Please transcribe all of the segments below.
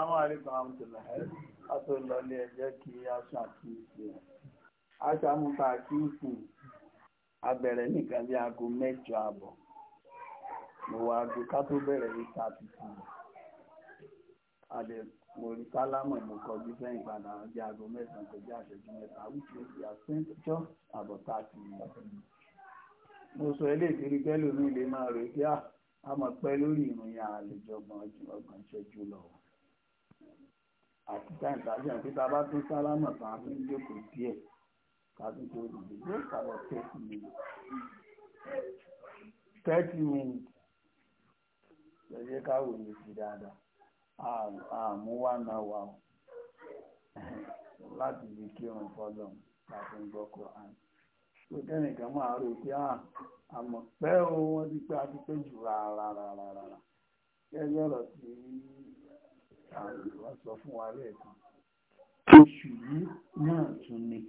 Àwọn àríkàn àmùtòlá àtòlọlé ẹjẹ́ kí aṣọ àkíyèsí. Aṣọ àmúta àkíyèsí abẹ̀rẹ̀ nìkan bí aago mẹ́jọ àbọ̀. Mo wá aago ká tó bẹ̀rẹ̀ ní tàbí sí i. Àdè mo rí sálámù mo sọ a mọ̀ pé lórí ìròyìn àlejò ọgbọ̀n ìṣẹ́jú lọ àti táyìn tàbí àti tá a bá tún sálámà tá a tún jókòó díẹ̀ tá a tún tó dìde yóò sàlọ thirty minutes thirty minutes ṣẹ̀ṣẹ̀ káwò ní ti dáadáa àmú wà náà wà ó láti fi kírun fọlọ́n láti ń gbọ́ Quran. kẹ́nìkan máa rò pé àmọ̀ ah, pẹ́ o wọ́n ti pé àti pé jù rárá rárá rárá kẹ́lẹ́ ọ̀rọ̀ tí àwọn sọ fún wa lẹ́ẹ̀kan oṣù yìí náà oṣù yìí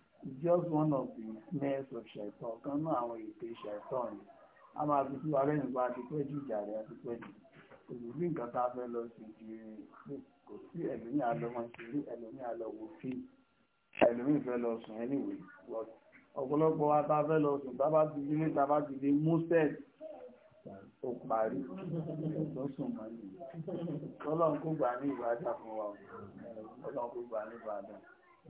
It's just one of the snares of ṣẹ̀tọ̀ kan náà àwọn ètò ṣẹ̀tọ̀ yìí a máa fi síwá lẹ́yìn bá ti pẹ́ jù jàre àti pẹ́ jù kò sì sí nǹkan tá a fẹ́ lọ sí ju kò sí ẹlòmíì àlọ́mọ ṣeré ẹlòmíì àlọ́wọ́ fíìmù ẹlòmíì fẹ́ lọ sùn anyway ọ̀pọ̀lọpọ̀ wa tá a fẹ́ lọ sùn tá a bá ti di ní tá a bá ti di mustard ó parí tó sùn mọ́ ni ọlọ́run kó gbà ní ìbàdàn fún ọlọ́run kó gbà ní ìbàdàn.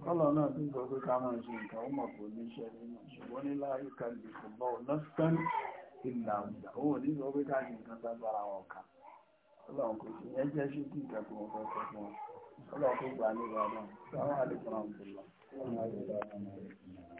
kọ́lọ̀ náà tí sọ pé ká máa ṣe nǹkan ọmọ kò ní ṣe nínú ṣùgbọ́n ní láàyè kan lè kò bọ́ lọ́sán ìlà ó ní sọ pé ká nǹkan tágbára wọn kà ọlọ́run kò sí yẹn